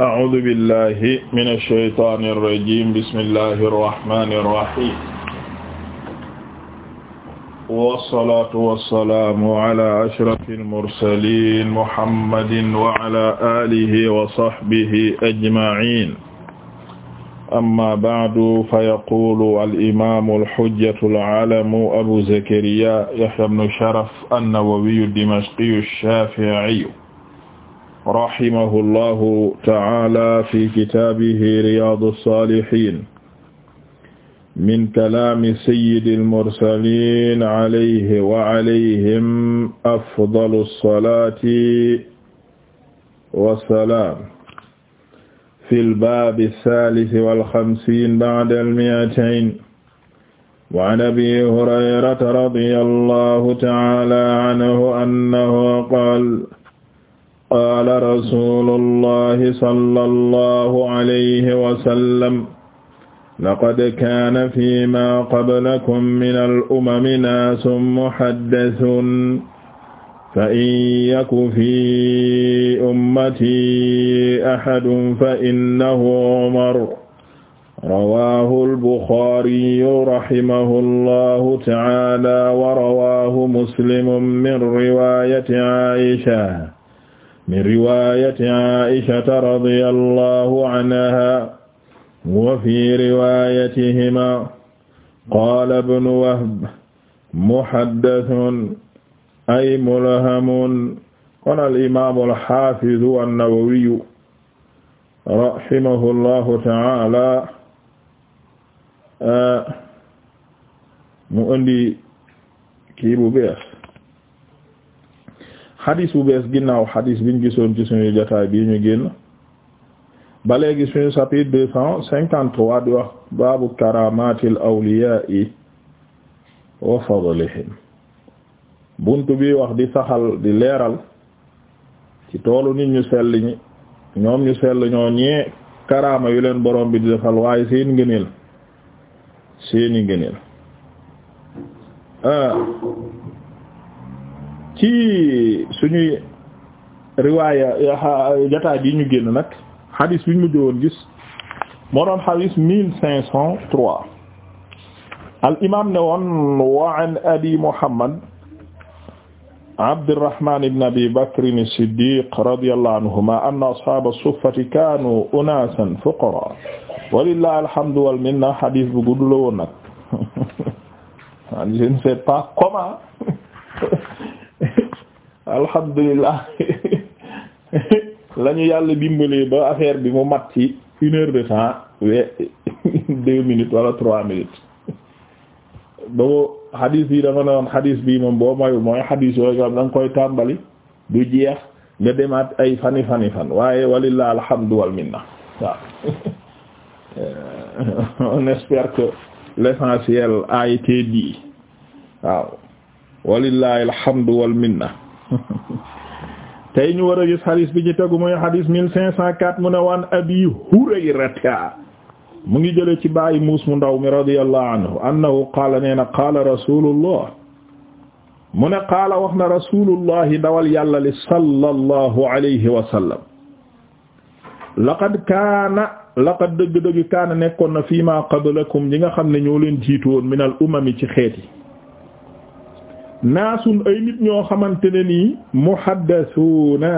أعوذ بالله من الشيطان الرجيم بسم الله الرحمن الرحيم والصلاة والسلام على أشرف المرسلين محمد وعلى آله وصحبه أجمعين أما بعد فيقول الإمام الحجة العلم أبو زكريا يحيى بن شرف النووي الدمشقي الشافعي rahimahullahu ta'ala fi kitaabihi Riyâdous-Sâlihîne min kalaami sayyidil mursaliin alayhi wa alayhim afdalu salaati wa salaam fil baabi saalisi wal xamsiin ba'dal mi'atayn wa an abii hurayrata radiyallaahu ta'aalaa anhu rasulullahi sallallahu alayhi wa sallam laqad kaana fi ma qablakum min al-umami naasun muhaddathun fa in yaku fi ummati ahadun fa innahu Umar rawaahu al-Buxaariyu rahimahullahu ta'aala wa rawaahu Muslimun min riwaayati Aisha min riwayati aishata radi allahu anha wa fi riwayatihima qaala ibnu wahb muhaddathun ay mulhamun kon alimamu alhafidu annawawiyu rahimahu llahu taala eh, mu indi kii bu bees xadis bu bees ginnaaw xadis biñ gisoon ci suñu jotaay bii ñu génn ba léegi suñu chapitre deux cent cinquante wax baabu karamatil awliyaa'i wa fadlihim bunt bi wax di saxal di leeral ci toolu nit ñu sell ñi ñoom ñu sell ñoo ñee karaama yu leen borom bi di defal waaye seen ngëneel seeni ngëneel ah. ci suñuy riwaaya jataay bi ñu génn nag xadis bi ñu mujj woon moo doon xadis mille cinq cent trois al imaam ne woon wa abi muhammad abdirrahman ibn abi bakr as-siddiq anhuma anna ashaba as-suffati kanu unasan fuqara walillahi alhamdu wal minna xadis bu gudd la woon nag alhamdulilah la yàlla dimbalee ba affaire bi mu mat ci une heure de temps deux minutes wala trois minutes ba mu xadiis bi dafa ne woon xadiis bi moom boo mayu mooy xadiis yooyu nga xam da koy tàmbali du jeex nga demaat ay fani fani fan waaye walilaa alhamdu wal minna on espère que l'essentiel a été dit waaw walilaa alhamdu wal tey ñu war a bi ci tegu mooy xadis mille cinq cent quatre mu abi hurayrata mu ngi jële ci bàyyi muus mu ndaw mi radiyallahu anhu annahu qaala nee na qaala rasulullah mu ne qaala na rasulullahi dawal laqad kaana laqad kaana nekkoon na fii ma qablakum ñi nga xam ne ñoo leen jiitu woon min al umami ci xeet yi naasun ay nit ñoo xamante ne nii muhaddasuuna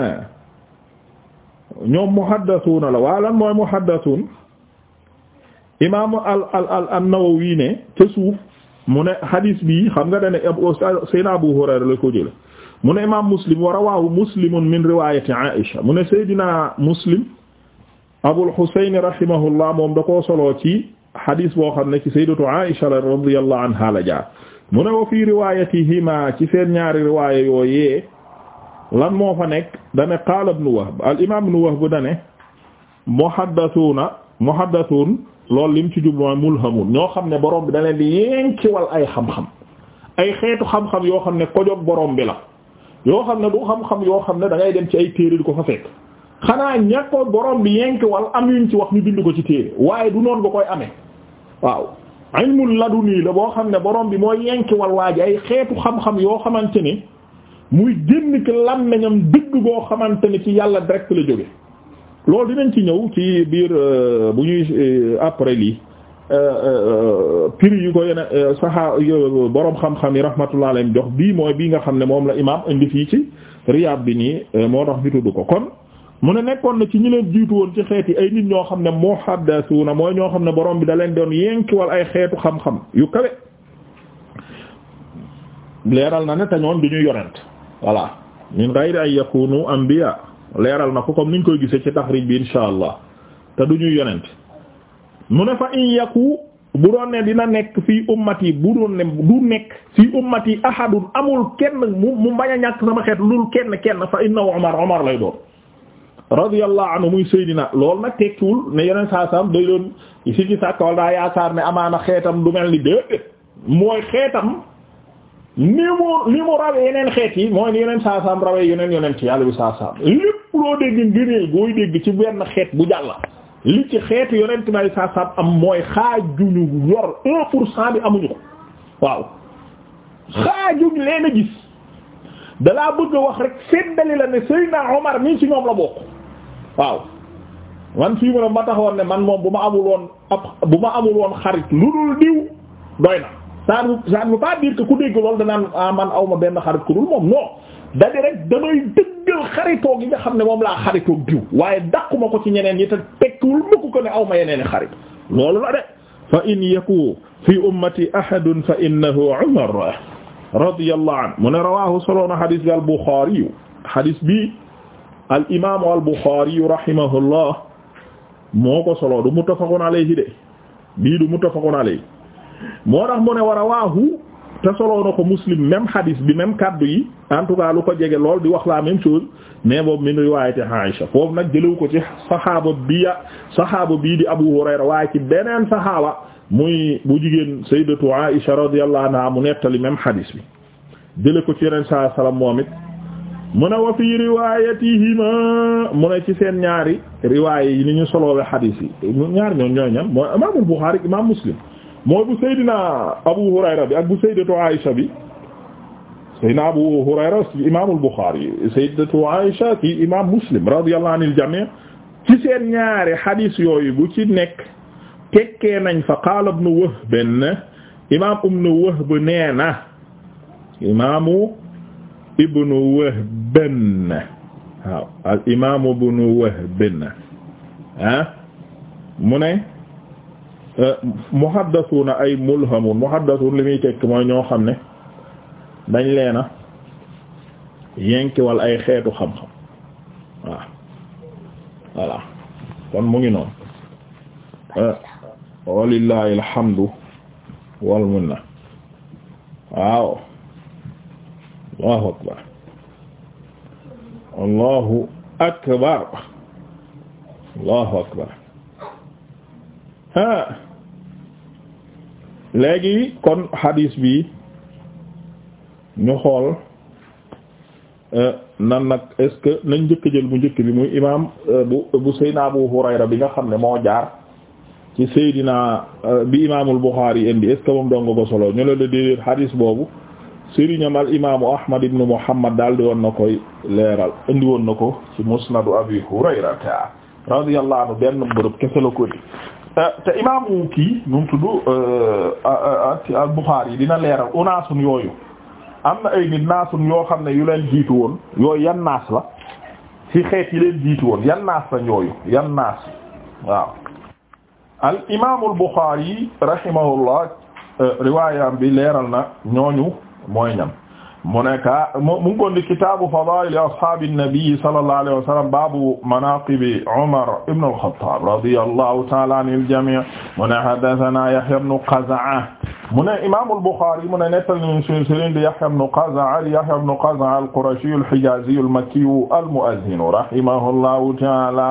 ñoom muhaddasuuna la waa lan mooy muhaddasuun imaamu al al al an-Nawawi ne mu ne hadis bi xam nga dane sayna Abu Hurayra la ko jële mu ne imaam Muslim wa rawaahu Muslimun min riwaayati Aïsha mu ne Seydina Muslim Abul Husayn rahimahullah moom da koo soloo ci hadis boo xam ne ci sayyidatu Aïsha radiyallahu anha la jaar mu ne wa fii riwayatihima ci seen ñaari riwaaya yooyee lan moo fa nekk dane qaala ibn wahb al imam ibn wahb dane muhaddathuuna muhaddathuun lool lim ci jublu mulhamun ñoo xam ne borom bi da leen di yénkiwal ay xam-xam ay xeetu xam-xam yoo xam ne kojog borom bi la yoo xam ne du xam-xam yoo xam ne dangay dem ci ay téere di ko fa fekk xanaa ñàkkoon borom bi yénkiwal am yuñ ci wax ñu bind ko ci téere waaye du noonu nga koy amee waaw ilmul laduni la boo xam ne borom bi moo yenkiwal waaj ay xeetu xam-xam yoo xamante ni muy génn ki làmmiñam dëgg boo xamante ni ci yàlla direct la jóge loolu dinañ ci ñëw ci biir euh, bu ñuy euh, après lii euh, prix yu ko yenn saxaa boroom xam-xam yi rahmatullah alayhim jox bii mooy bii nga xam ne moom la imaam indi fii ci Riyad bi nii moo tax ñu tudd ko kon mu ne nekkoon na ci ñi leen jiitu woon ci xeet yi ay nit ñoo xam ne na mooy ñoo xam ne borom bi da leen doon yénkiwal ay xeetu xam-xam yu kawe leeral na ne te ñoom du ñu yonent voilà min ghayri an yakunu anbiya leeral na ko comme niñ koy gisee ci taxrij bi insha allah te du ñuy yonent mu ne fa in yaku bu doon ne dina nekk fii ummati bu doon ne du nekk fii ummati ahadun amul kenn mu mu bañ a ñàkk sama xeet lul kenn kenn fa inna Umar Umar lay doon radiyallahu anhu muy Seydina loolu nag tekkiwul ne yeneen saa saam day doon si ci sàkk wala daa ne amaana xeetam du mel ni déedéet mooy xeetam ni mu rawee yeneen xeet yi mooy ni yeneen saa saam rawee yeneen yeneen ci yàlla bi saa saam lépp loo dégg ngëneel gooy dégg ci benn xeet bu jàlla li ci xeetu yonent may saa saam am mooy xaajuñu yor un pour cent bi amuñu ko waaw xaajuñ leen a gis dalaa bëgg a wax rek seddali la ne Seydina Omar nii ci ñoom la waaw man fii mu ne ma ne man moom bu ma amul woon ab bu ma amul woon xarit lu dul diw doy na ça ça ne veut pas dire ku dégg loolu danaan ah man aw ma benn xarit ku dul moom non dadi rek damay dëggal xaritoo gi nga xam ne moom laa xaritoo diw waaye dàquma ko ci ñeneen yi te tekkiwul mukk ko ne aw ma yeneen i xarit loolu la de fa in yaku fi ummati ahadun fa innahu Umar radiyallahu anhu mu ne rawahu soloona hadis bi al Bukhari hadis bi al imaamu rahimahullah moo ko solo du muttafaqun alayhi de bii du muttafaqun alayhi moo tax mu ne war a waahu te solo na ko muslim même hadis bi même kaddu yi en tout ko jege lool di wax la même chose mais min riwaayati Aïcha foofu nag jëlew ko ci saxaaba bii di Abu Hurayra waaye ci beneen saxaaba muy bu jigéen sayyidatu Aïcha radiyallahu anha mu nettali même hadis bi jële ko ci yeneen saa salaam moom it mu ne wa fii riwayatihima mu ne ci seen ñaari riwaaya yi ni ñu soloowe xadiis yi ñaar ñoom ñooy ñan mooy imaamul Buxaari imaam Muslim mooy bu Seydina Abu Hurayra bi ak bu Sayyidatu Aïsha bi Seydina Abu Hurayra ci imaamul Buxaari Sayyidatu Aïsha ci imaam Muslim radiyallahu anil jamii ci seen ñaari xadiis yooyu bu ci nekk tekkee nañ fa qaala ibnu Wahb benn imaam ibnu Wahb nee na imaamu ibnu Wahb waaw al imaamu ibnu Wahb ah mu ne eh, muhaddasuuna ay mulhamuun muhaddasuun li muy tekk mooy ñoo xam ne dañ leena yenkiwal ay xeetu xam-xam waaw voilà kon mu ngi noonu eh, walillahi alhamdu wal minna waaw allahu akbar allahu akbar allahu akbar ha léegi kon xadiis bi ñu xool euh, nan nag est-ce que nañ njëkk jël bu njëkk bi muy imam euh, bu bu Abu Hurayra bi nga xam ne moo jaar ci Seydina euh, bi imaamul Buxaari indi est-ce que moom ko solo ñu la la déedéet hadis boobu sëriñam al imaamu ahmad ibnu muhammad daal di woon na koy leeral indi woon na ko ci musnadu abi hurayrata radiyallahu benn bërëb kese la ko di eh, imaamu kii nu mu tudd eh, al buxaari yi dina leeral unaasun yooyu am na ay nit naasun yoo xam ne yu leen jiitu woon yooyu yan naas la ci xeet yi jiitu woon yan naas la ñooyu yan naas waaw al imaamul rahimahullah eh, riwaayam bi leeral na ñooñu mooy ñam mu nekka mu ngi ko ndi kitaabu fadaa'ili ashaabi nabi sallallahu alayhi wa sallam baabu manaaqibi Umar ibn al-Khattab radiyallahu ta'ala anil jamii' mu ne haddathanaa Yahya ibn Qaz'a mu ne imaam al-Bukhari mu ne nettal nañu sunu sëriñ di Yahya ibn Qaz'a Yahya ibn Qaz'a al-Qurashi al-Hijazi al-Makki al-Mu'adhdhin rahimahullahu ta'ala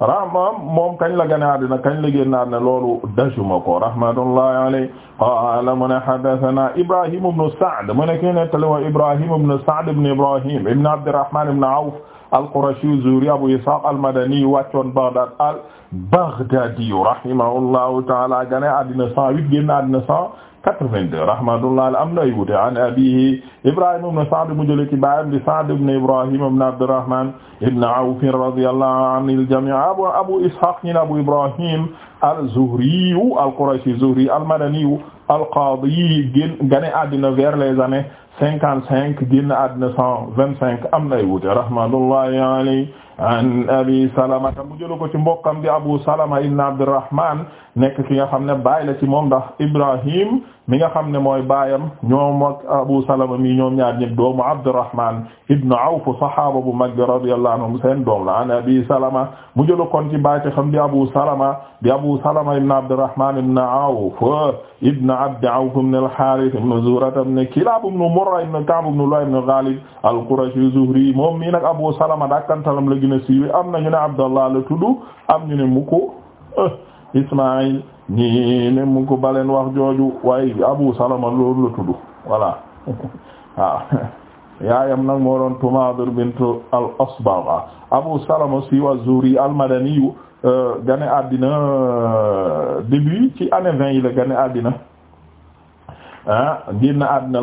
rahmam moom kañ la gane àddina kañ la génn àddina loolu dajuma ko rahmatullahi alayhi qaala mu ne haddathana Ibrahim ibn Sa'd mu ne ki nettali wa Ibrahim ibn Sa'd ibn Ibrahim ibn Abdirrahman ibn Awf al-Qurashi az-Zuhri Abu Ishaq al-Madani wàccoon Baghdad al-Baghdadi rahimahullahu ta'ala gane àddina 108 génn àddina 82 am na ay wute an Ibrahima ibn Sa'd mu jëlee ci baayam di Sa'd ibn Ibrahima ibn Abdurrahman ibn Awf radiyallahu anil jami' abu abu Ishaq ñin abu Ibrahim al-Zuhri al-Qurashi Zuhri al-Madani al-Qadi génn gane àddina vers les années 55 génn àddina 125 am na ay wute rahmatullahi an Abi Salama mu jëlee ko ci mbokkam bi Abu Salama ibn Abdurrahman nekk ki nga xam ne baay la ci moom ndax Ibrahim mi nga xam ne mooy baayam ñoom ak Abu Salama mi ñoom ñaar ñëpp doomu Abdurrahman ibn Awf sahaaba bu mag radiyallahu anhum seen doom la an Abi Salama mu jëlu kon ci baay xam di Abu Salama di Abu Salama ibn Abdurrahman ibn Awf ibn Abd Awf ibn al-Harith ibn Zuhra ibn Kilab ibn Murra ibn Ka'b ibn Lu'ay ibn Ghalib al-Qurashi Zuhri moom mi nag Abu Salama dakkantalam la gën a siiwe am na ñu ne Abdallah la tudd am ñu ne mu ko eh, Ismaïl ñii ne mu ko baleen wax jooju waaye Abu Salama loolu la tudd voilà waaw ah, yaayam nag moo doon Tumaadir bintu al-Asbagha Abu Salama siiw az-Zuhri al-Madani euh, gane àddina euh, début ci année vingt yi la gane àddina ah génn àddina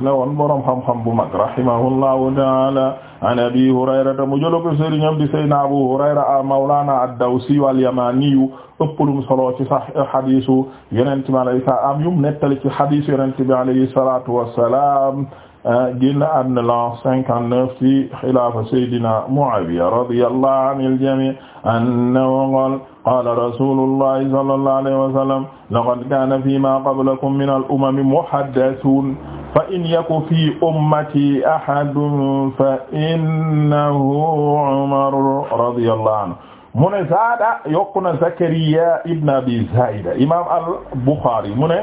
ne woon boroom xam-xam bu mag rahimahullahu ta'ala an abi hurayrata mu jëla ko sëriñam di saydna abu hurayra a mawlana ad-dawsi wal yamaniyu ëppalum solo ci sax hadisu yonente bi alayhi salaam am yum nettali ci hadisu yonente bi alayhi salatu wassalam Ah génn àdduna la 59 ci xilaafa saydina Muawiya radiyallahu anil jamii annahu qaala qaala rasuulullahi sallallahu alayhi wa sallam laqad kaana fiimaa qablakum minal umami muhaddasuun fa in yaku fii ummati ahadun fa innahu Umar radiyallahu anhu mu ne zaada yokku na Zakariya ibn Abi Zaida imaam al-Bukhari mu ne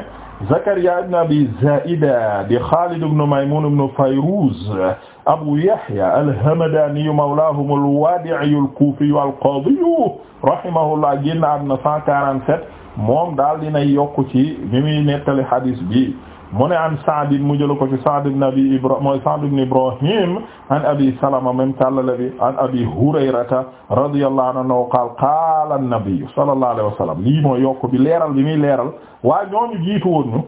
Zakariya ibn Abi Zaida di Xaalid ibn Maymuun ibn Fayruz Abu Yahya al-Hamdaaniyu mawlaahum al-Waadi'iyu al-Kuufiyu al-Qaadiyu rahimahullah génn na 147 moom daal dina yokk ci bi muy nettali hadis bi. mu ne an Sa'd mu jël ko ci Sa'd ibn Abi Ibrahim mooy Sa'd ibn Ibrahim an Abi Salama min tallale bi an Abi Hurayrata radiyallahu anhu qaala qaala an-nabi sallallahu alayhi wa sallam lii mooy yokk bi leeral bi muy leeral waa ñooñu jiitu woon ñu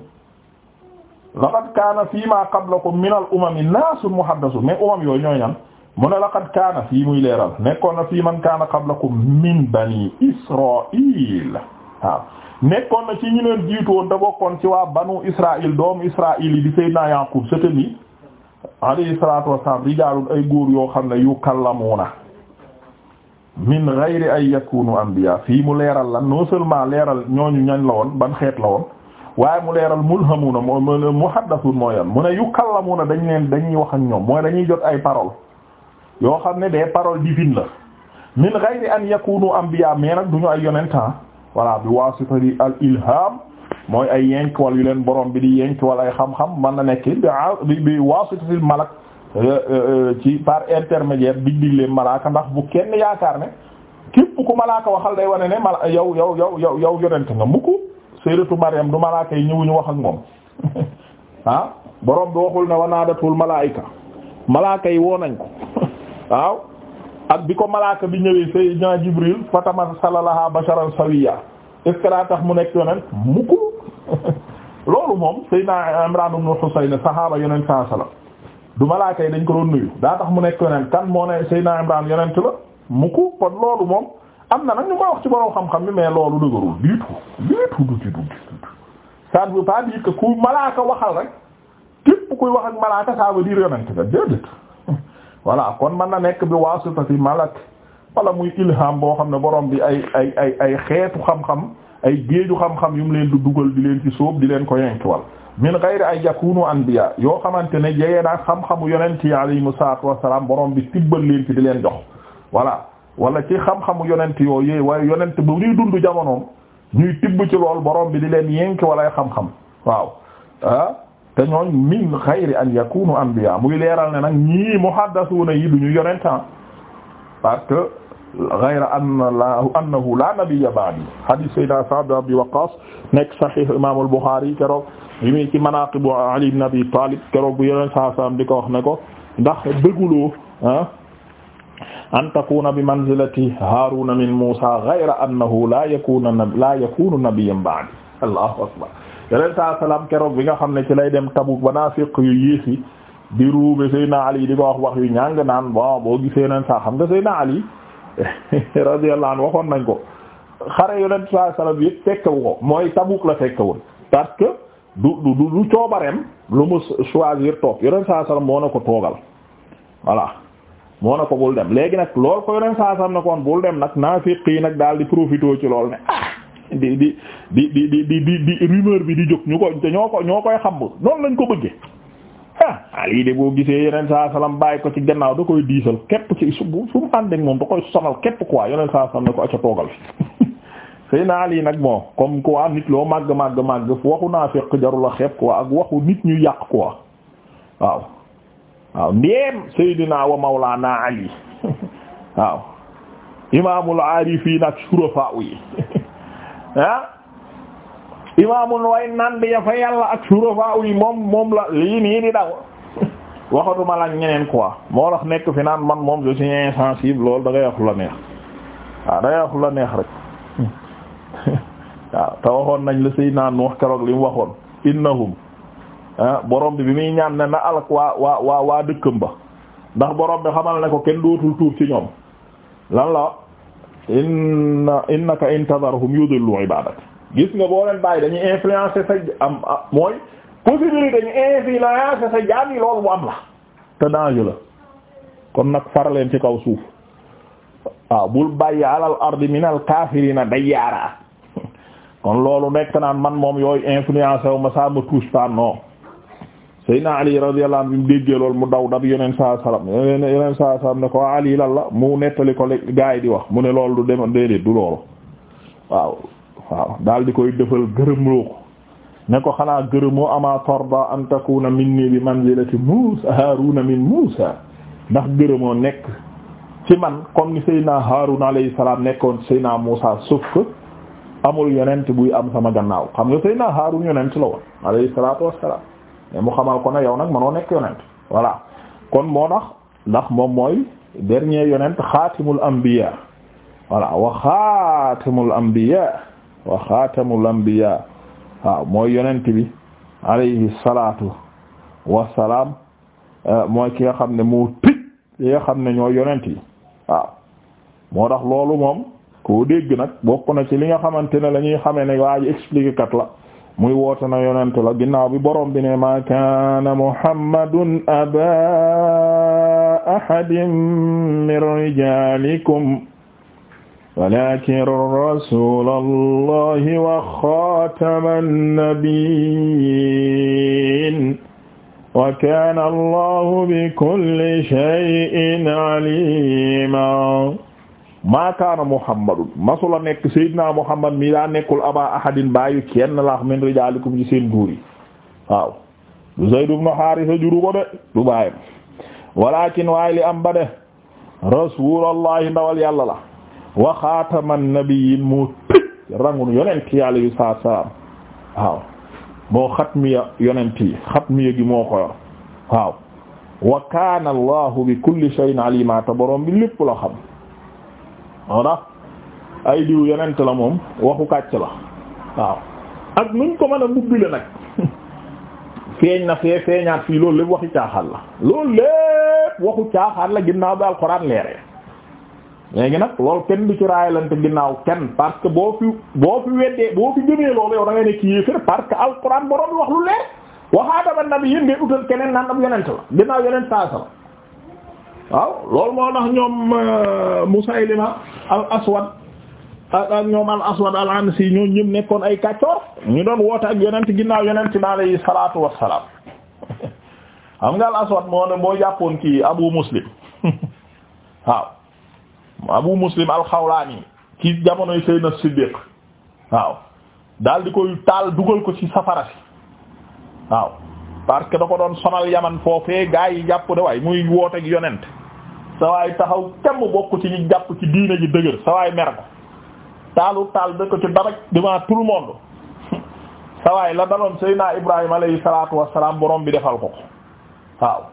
laqad kaana fii maa qablakum min al-umami naasun muhaddasun mais umam yooyu ñooy ñan mu ne laqad kaana fii muy leeral nekkoon na fii man kaana qablakum min bani Israa'iil waaw nekkoon na ci ñu leen jiitu woon te ci waa banu Israël doomu Israël yi di Seydina Yaqub sëtëm yi alayhi salaatu wassalaam ay góor yoo xam ne yukallamuuna min ghayri ay yakunu anbiya fii mu leeral lan non seulement leeral ñooñu ñañ la woon ban xeet la woon waaye mu leeral mulhamuuna moo muhaddasuun mooy yan mu ne yukallamuuna dañ leen dañuy wax ak ñoom mooy dañuy jot ay paroles yoo xam ne des paroles divines la min ghayri an yakunu anbiya mais nag duñu ay yonent ah. voilà bi waasita di al ilham mooy ay yenkwal yu leen borom bi di yenkwal ay xam-xam mën na nekk bi bi waasitatil malak euh, euh, euh, ci par intermédiaire bi digle malaaka ndax bu kenn yaakaar ne képp ku malaaka waxal day wane ne mala yow yow yow yow yow yonent nga mukk sayyidatu Maryam du malaaka yi ñëwuñu wax ak moom ah borom bi waxul ne wa naadatul malaayika yi woo nañ ko waaw ak bi ko malaaka bi ñëwee Seydina Jibril fatamasala laha basharan sawiya est daa tax mu nekk yonent mukku loolu moom Seydina Imran ibn Husayn sahaaba yonent saa sala du malaaka yi dañ ko doon nuyu daa tax mu nekk yonent kan moo ne Seydina Imran yonent la mukku kon loolu moom am na nag ñu koy wax ci borom xam-xam bi mais loolu dëgërul du tout du tout du tout ça ne veut pas ku malaaka waxal rek képp kuy wax ak malaaka ça veut voilà kon mën na nekk bi waasitati malak wala muy ilham boo xam ne borom bi ay ay ay ay xeetu xam-xam ay géeju xam-xam yu leen du dugal di leen ci sóob di leen ko yenkiwal min ghayri ay yakunu anbiya yoo xamante ne jege naa xam-xamu yonent yi alayhimu salaatu wassalaam borom bi tibbal leen ci di leen jox voilà wala ci xam-xamu yonent yoo yooyu waaye yonent bu ñuy dund jamonoom ñuy tibb ci lool borom bi di leen yenki wala ay xam-xam waaw ah. te ñooñ min xayri an yakunu anbiya muy leeral ne nag ñii muhaddasuna yi duñu yonent ah. parce que xayra anna la annahu la nabiyya ba'di hadith sayyidina Sa'd ibn Abi Waqqas nekk sahih imam al-Bukhari keroog yi muy ci manaqib Ali ibn Abi Talib keroog bu yonent saa saam di ko wax ne ko ndax dëgguloo ah an takuna bi manzilati Haruna min Musa xayra annahu la yakunu la yakunu nabiyyan ba'di Allahu akbar yeneen saa salaam keroog bi nga xam ne ci lay dem Tabuk ba naafiq yu yées yi di ruube Seydina Ali di ko wax wax yu ñàng naan bon boo gisee yeneen saa xam nga Seydina Ali radiyallahu anhu waxoon nañ ko xare yeneen saa salaam yëpp fekkewu ko mooy Tabuk la fekkewul parce que du du du coobareem lu mu choisir toog yeneen saa salaam moo na ko toogal voilà. moo na ko bul dem léegi nag lool ko yeneen saa salaam ne koon bul dem nag naafiq yi nag daal di profité ci loolu di di di di di di di rumeur bi di jóg ñu ko te ñoo ko ñoo koy noonu lañ ko bëggee ah lii de boo gisee yeneen saa salaam bàyyi ko ci gannaaw da koy diisal képp ci su su mu ànd ak moom da koy sonal képp quoi yeneen saa salaam ne ko acca toogal fi sëy naa lii nag bon ko quoi nit loo màgg màgg màgg waxu naa fekk jarul a xeeb quoi ñu yàq quoi waaw waaw ndéem Seydina wa Mawlana Ali waaw ah imaamul way nand ya fa yàlla ak surafaa yi moom moom la lii nii di daw waxatuma la ñeneen quoi moo tax nekk fi naan man moom je suis insensible loolu da ngay wax neex waaw da ngay wax neex rek waaw te waxoon nañ la siy Seydina wax keroog li mu waxoon innahum borom bi bi muy ñaan ne na alak waa waa waa waa dëkkam ba ndax borom bi xamal ne ko kenn dootul tuur ci ñoom lan la inna innaka intadarhum yudillu ibadak gis nga boo sa am mooy possibilité dañu influencer sa jaam loolu bu am la te danger la kon nag faraleen ci kaw suuf waaw bu bàyyi alal ardi minal kaafirina dayyaara kon loolu nekk naan man moom yooyu influencer wu ma ça me touche Seydina Ali radiyallahu anhu bi mu déggee loolu mu daw dab yeneen saa salaam saa salaam ne ko Ali lan la mu nettali ko gaa yi di wax mu ne loolu du dem déedéet du loolu waaw waaw daal di koy defal gërëmloo ko ne ko xanaa gërëmoo amaa tarda an takuna minni bi manzilati Muusa na min Muusa ndax gërëmoo nekk ci man comme ni Seydina Haaruna alayhi salaam nekkoon Seydina Muusa sauf que amul yonent buy am sama gannaaw xam nga Seydina Haaruna yonent la woon alayhi salaatu mais mu xamal ko ne yow nag mënoo nekk yonent voilà kon moo tax ndax moom mooy dernier yonent xaatimul anbiya voilà wa xaatimul anbiya wa xaatimul anbiya waaw mooy yonent bi alayhi salaatu wassalaam euh, mooy ki nga xam ne moo tëj li nga xam ne ñooy yonent yi waaw moo tax loolu moom koo dégg nag bokk na ci li nga xamante ne la ñuy ne waa ji kat la muy woote na yonent la ginnaaw bi borom bi ne ma kaana muhammadun aba ahadin min rijalikum walakin rasulallahi wa xataman nabiyyin wa kaana allahu bi kulli shay'in alima maakaana muhammadun masula nekk sayyidina muhammad mi daa nekkul aba ahadin bàyyi kenn laax min rijaalikum ci seen góor yi waaw du Zayd ibn Haarisa juru du bàyyam walakin waaye li am ba de rasuulallahi ndawal yàlla la wa xaataman nabiyyin moo tëj rangun yonent yi moo xatmiya yonent wa kaana allahu bi kulli shay'in aliima te borom bi lépp la wona ay diw yenent la moom waxu kàcc la waaw ak nuñ ko mën a mbubbi la nag feeñ na fee feeñaat fii loolu lépp waxi caaxaan la loolu lépp waxu caaxaan la ginnaaw bi alxuraan leeree léegi nag loolu kenn du ci raayalante ginnaaw kenn parce que boo fi boo fi weddee boo fi gëmee loolu yow da ne kii yéefér parce que alxuraan borom bi wax lu leer waxaatama nabi yéen ngeen utal keneen nan ab yonent la ginnaaw yonent saa sala waaw loolu moo tax ñoom euh, Musaylima al aswad ak ñoom al aswad al ansi ñoo ñëpp nekkoon ay kàccoor ñu doon woote ak yonent ginnaaw yonent bi alayhi salaatu wassalaam xam nga al aswad moo ne moo jàppoon kii abu muslim waaw abu muslim al xawlaani ci jamonoy Seydina Siddiq waaw daal di koy taal dugal ko ci safara si waaw parce que da ko doon sonal yaman foofee gaa yi jàpp de waaye muy wooteeg yonent sawaay taxaw temm bokk ci ñu jàpp ci diine ji dëgër sawaay mer ko taalu taal da ko ci daraj devant tout monde sawaay la daloon Seydina Ibrahima alayhi salaatu wassalaam borom bi defal ko ko waaw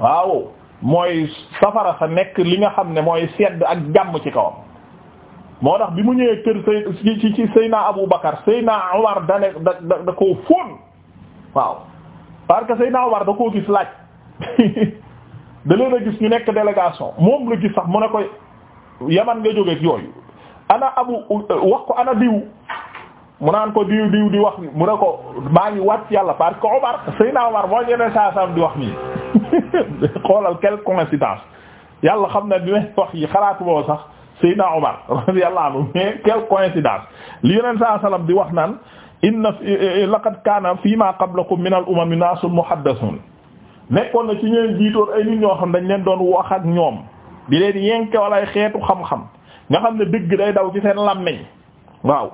waaw mooy safara sa nekk li nga xam ne mooy sedd ak jàmm ci kawam moo tax bi mu ñëwee kër say ci ci Seydina Abu Bakar da ne da da da koo waaw parce que Seydina Umar da koo gis laaj da leen a gis ñu nekk délégation moom la gis sax mu ne koy yaman nga jógeeg yooyu ana abu wax ko ana diw mu naan ko diw diw di wax mu ne ko maa ngi wàcc yàlla parce que Omar Seydina Omar moo yeneen saa saam di wax nii xoolal quelle coïncidence yàlla xam ne dina wax yi xalaatu boo sax Seydina Omar radiyallahu anhu mais quelle coïncidence li yeneen saa salam di wax naan inna eh, eh, laqad kaana fii ma qablakum min al umam naasun muhaddathun nekkoon na ci ñeen jiitoon ay nit ñoo xam dañ leen doon wax ak ñoom di leen yenke wala ay xeetu xam-xam nga xam ne dëgg day daw ci seen làmmeñ waaw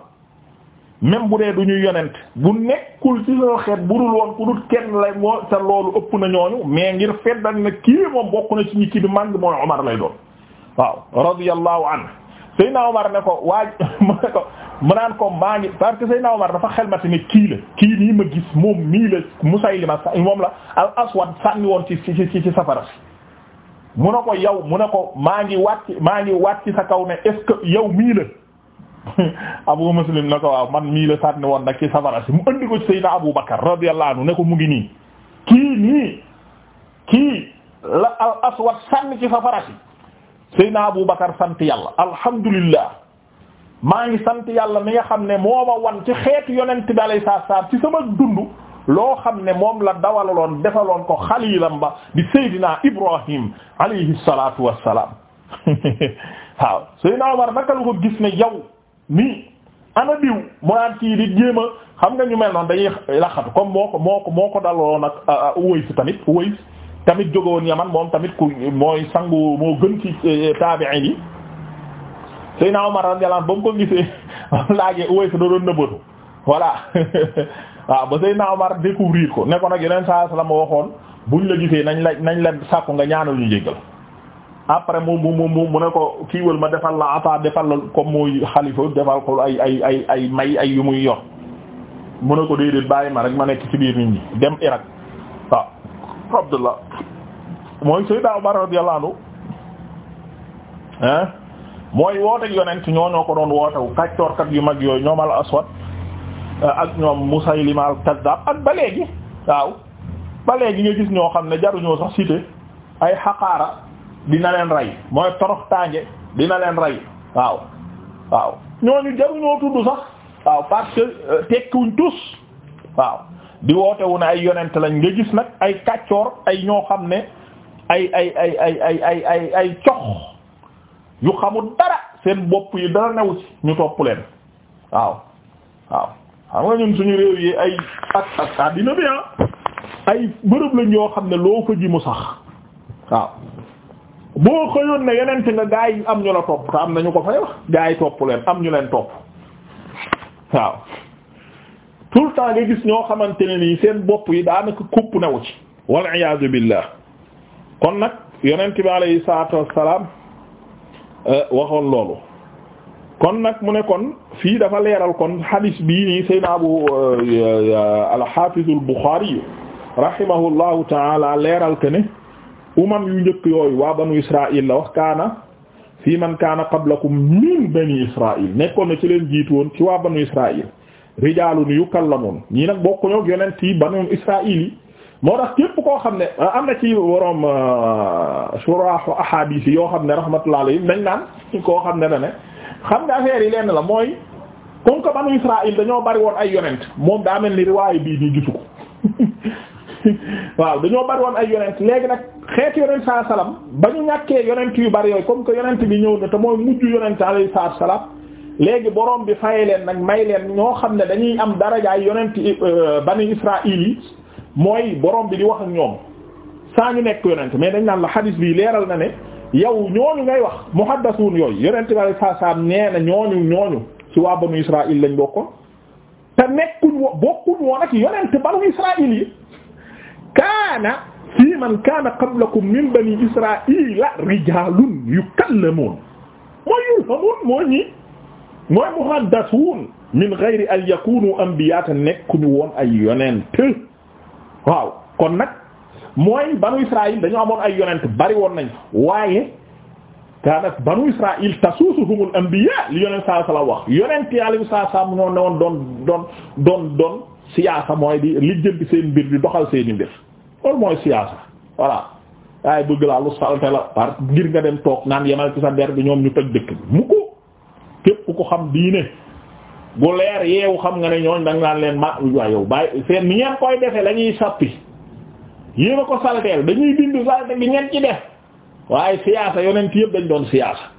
même bu dee du ñu yonent bu nekkul ci soo xeet budul woon ku dul kenn lay moo te loolu ëpp na ñooñu mais ngir feddal na kii moom bokk na ci ñi ci bi màng mooy Omar lay doon waaw radiyallahu anhu Seydina Omar ne ko waaj mu ne ko mu naan ko maa ngi parce que Seydina Omar dafa xelmati ne kii la kii nii ma gis moom mii la Musaylima moom la al aswad sànni woon ci ci ci ci safara mu ne ko yow mu ne ko maa ngi wàcc maa ngi wàcc sa kaw ne est-ce que yow mii la Abu Muslim na ko waaw man mii la sànni woon nag ci safara si mu andi ko ci Seydina Abu Bakar radiyallahu anhu ne ko mu ngi nii kii nii kii la al aswad sànni ci safara si Seydina Abu Bakar sant yàlla alhamdulillah maa ngi sant yàlla mi nga xam ne moo ma wan ci xeetu yonent bi alayhi salaam ci sama dund loo xam ne moom la dawalaloon defaloon ko xaliilam ba di Seydina Ibrahim alayhi salaatu wassalaam waaw Seydina Omar naka la ko gis ne yow nii ana diw mu naan kii di jéem xam nga ñu mel noonu dañuy laxatu comme moo ko moo ko moo ko daloon ak Uways tamit Uways tamit jógewoon Yaman moom tamit ku mooy sangu moo gën ci eh, eh, taabi'iin yi Seydina Omar radiyallahu ba mu ko gisee laajee Uways da doon nëbbatu voilà waaw ba Seydina naa découvrir ko ne ko nag yeneen saa salaam waxoon buñ la gisee nañ la nañ la sàkku nga ñaanal ñu jéggal après mu mu mu mu ne ko kiiwal ma defal la ata defal la comme mooy xalifa defal ko ay ay ay may ay yu muy yor mu ne ko déedéet bàyyi ma rek ma nekk ci biir nit ñi dem Irak waaw Abdullah mooy Seydina Omar radiyallahu anhu mooy wooteeg yonent ñoo ñoo ko doon wootewu kàccoorkat yu mag yooyu ñoom al aswad eh, ak ñoom musaylima al kazzab ak ba léegi waaw ba léegi nga gis ñoo xam ne jaruñoo sax cité ay xaqaara dina leen rey mooy torox tànge dina leen rey waaw waaw ñooñu jaruñoo tudd sax waaw parce que euh, tekkiwuñ tous waaw di woote wu ne ay yonent lañ nga gis nag ay kàccoor ay ñoo xam ne ay ay ay ay ay ay ay ay cox yu xamul dara seen bopp yi dara new ci ñu topp leen waaw waaw xam nga ñun suñu réew yi ay ak ak àddina bi ah ay bërëb lañ yoo xam ne loo fa ji mu sax waaw boo xëyoon ne yeneen nga gaa yi am ñu la topp te am nañu ko fay wax gaa yi topp leen am ñu leen topp waaw tout le temps nga gis ñoo xamante ne nii seen bopp yi daanaka kupp new ci wal iyaazu billah kon nag yonent bi alayhi salaatu wassalaam Euh, waxoon loolu kon nag mu ne kon fii dafa leeral kon hadis bii nii sayna abu euh, alxafizul buxaari rahimahullahu taala leeral ke ne umam yu njëkk yooyu waa banu israil la wax kaana fii man kaana qablakum min bani israil nekkoon na ci leen jiitu woon ci waa banu israil rijalun yukallamun ñii nag bokkuñu yonent yi banu israil yi moo tax képp koo xam ne ah, am na ci waroom ah, suraaxu ahadis yoo xam ne rahmatullah alayhi nañ naan koo xam ne na ne xam nga affaire yi lenn la mooy comme que banu Israël dañoo bari woon ay yonent moom daa mel ni riwaay bii nii gisu ko waaw dañoo bari woon ay yonent léegi nag xeet yonent saa salaam ba ñu ñàkkee yonent yu bari yooyu comme que yonent bi ñëw na te mooy mujj yonent alayhi salaam léegi borom bi fay leen nag may leen ñoo xam ne dañuy am darajaay yonent eh, banu Israël yi. mooy borom bi di wax ak ñoom saa ñu nekk yonent mais dañ naan la xadis bi leeral na ne yow ñooñu ngay wax muhaddasuun yooyu yonent bi saa saa nee na ñooñu ñooñu ci lañ bokkoon te nekkuñ yonent banu Israaïl yi kaana man kaana qablakum min bani Israaïla rijaalun yukallamuun mooy yulhamuun moo ñi mooy muhaddasuun min ghayri an yakuunu anbiyaa nekkuñu woon ay yonent waaw kon nag mooy banu Israël dañoo amoon ay yonent bari woon nañ waaye kaanat banu Israël tasuusuhumul anbiya li yonent saa sala wax yonent yàlla yu saa saa ñoo newoon doon doon doon doon siyaasa mooy di li lijjanti seen mbir di doxal seeni mbir loolu mooy siyaasa voilà waaye bëgg laa lu salte la par ngir nga dem toog naan yemal ci sa der bi ñoom ñu toj dëkk bi mu ko képp ko xam diine bu leer yeewu xam nga ne ñooñ da nga leen ma waaye yow bàyyi seen ni ngeen koy defe la ñuy sappi yéen a ko salteel dañuy bind salte bi ngeen ci def waaye siyaasa yonent yëpp dañ doon siyaasa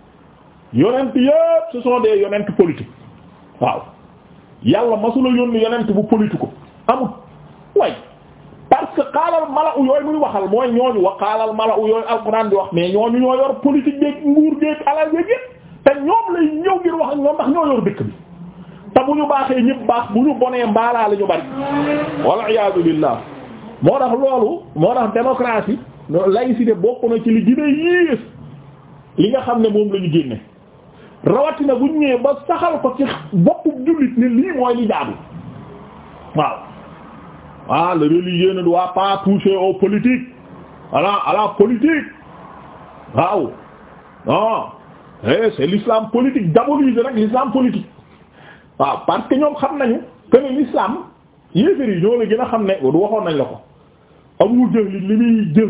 yonent yëpp ce sont des yonent politique waaw yàlla masula yónni yonent bu politique ko amul way parce que xaalal mala u yooyu muy waxal mooy ñooñu wax xaalal mala u yooyu alxuraan di wax mais ñooñu ñoo yor politique beeg nguur geeg alal yépp te ñoom lay ñëw ngir wax ak ñoom ndax te bu ñu baaxee ñëpp baax bu ñu bonee mbaalaa la ñu bari walla iyaadu billaah moo tax loolu moo tax démocratie laïcité bokk na ci li gën a li nga xam ne moom la ñu génne rawatina bu ñu ñëwee ba saxal ko ci boppu jullit ne lii mooy li jaadu waaw ah le religieux ne doit pas toucher aux politiques voilà à la politique waaw non eh c'est l'islam politique diabolise nag l'islam politique waaw parce que ñoom xam nañu que ne l'islam yéefar ñoo la gën a xam ne du waxoon nañ la ko Abu Jahl li muy jëf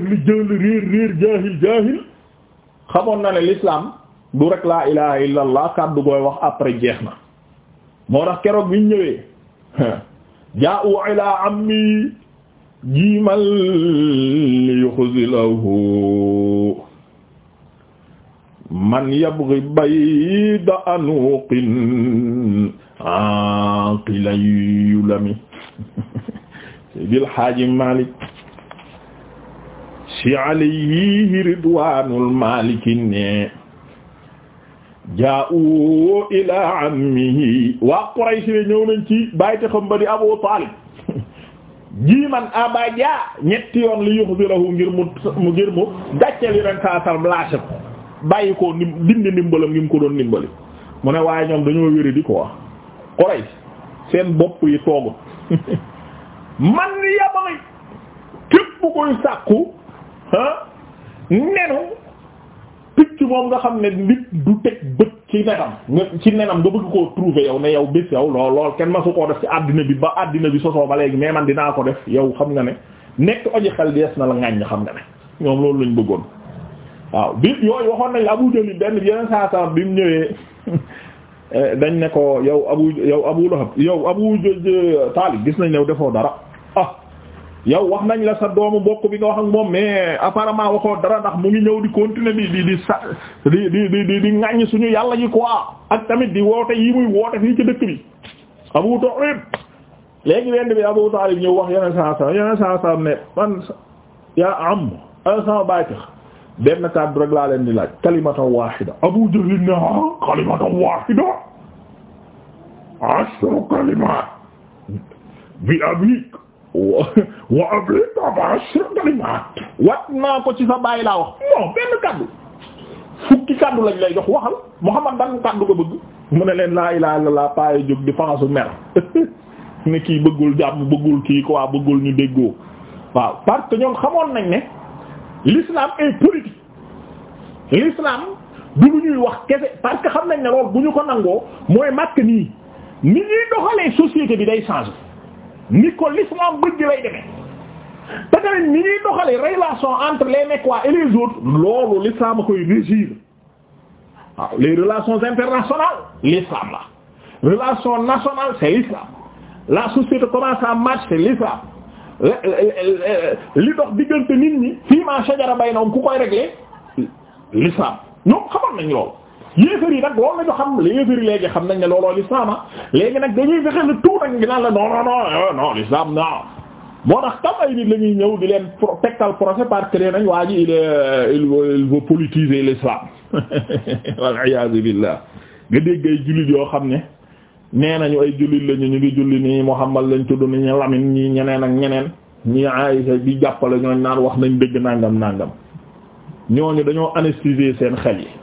li réer réer jaahil jaahil xamoon na ne l'islam du rek la ilaha illa allah kàddu gooy wax après jeex na moo tax keroog biñ ñëwee jaa'u ila ammi jiimal yuxzilahu man yabghi bayda anuqin Aqilayu lami Seydil Haaji Malik si alayhi ridwaanul maliki ne jaa'u ila ammihi waa Quraysh ñëw nañ ci bàyyite xam ba di Abu Taalib jiiman abadia ñetti yoon li yuxbirahu ngir mu ngir mu gàcceel yi ren saa salm ko koo nim dindi ndimbalam ngi mu ko doon ndimbali mu ne waaye ñoom dañoo wéri di ko wax Quraysh seen bopp yi toogut man yabay képp koy sàkku ah nenu picc moom nga xam ne nit du teg bët ci nenam nga ci nenam nga bëgg koo trouver yow ne yow bés yow lool lool kenn ma su koo def ci àddina bi ba àddina bi sosoo ba léegi mais man dinaa ko def yow xam nga ne nekk oji xel dees na la ŋàññ xam nga ne ñoom loolu lañ bëggoon waaw bi yooyu waxoon nañ la Abu Jahl benn yeneen saa saa bi mu ñëwee Eh, dañ ne ko yow abu yow abu lahab yow abu taalib gis nañ ne defoo dara ah yow wax nañ la sa doomu bokk bi nga wax ak moom mais apparemment waxoo dara ndax mu ngi ñëw di continuer di di di sa di di di di ŋaññi suñu yàlla ji quoi ak tamit di woote yi muy woote fii ci dëkk bi abu taalib léegi wenn bi abu taalib ñëw wax yeneen saa saa yeneen saa saa ne man yaa am ay tax benn kàddu rek laa leen di laaj kalimatan wahida abu jahlin ne a ah, kalimatan kalimat bi abik wa abik aba kalimat wat naa ko ci sa bàyyi laa wax non benn kàddu fukki kàddu lañ lay jox waxal Muhammad ban kàddu ko bëgg mu ne leen laa ilaha illallah paye jóg di faxasu mer ne kii bëggul jàmm bëggul kii quoi bëggul ñu déggoo waaw parce que ñoom xamoon nañ ne l'islam est politique l'islam du lu ñuy wax kese parce que xam nañ ne loolu bu ñu ko nangoo mooy màkk ni ñuy doxalee société bi day changer ni ko l'islam bëgg lay demee te tamit ni ñuy doxalee relation entre les Mecquois et les autres loolu l'islam a koy régir waaw les relations internationales l'islam la relation nationale c'est l'islam la société commence à marcher c'est l'islam li dox diggante nit ñi fii ma shajara baynahum ku koy régler l'islam ñoom xamoon nañ loolu yéefar yi nag loolu la ñu xam yéefar yi léegi xam nañ ne looloo l'islam a ah. léegi nag dañuy fexe le tout nag naan la non non non eh, non l'islam moo tax tam ay nit la ñuy ñëw di leen tegtal procès parce que nañ waa ji il euh, il veut politiser l'islam wal iyaazu billah nga dégg jullit yoo xam ne. nee nañu ay jullit lañu ñu ngi julli nii Muhammad lañ tudd ni ñu Lamin ñii ñeneen ak ñeneen ñii Ayisa bi jàppale ñooñ naan wax nañ dëgg nàngam nàngam ñooñu dañoo anesthésier seen xel yi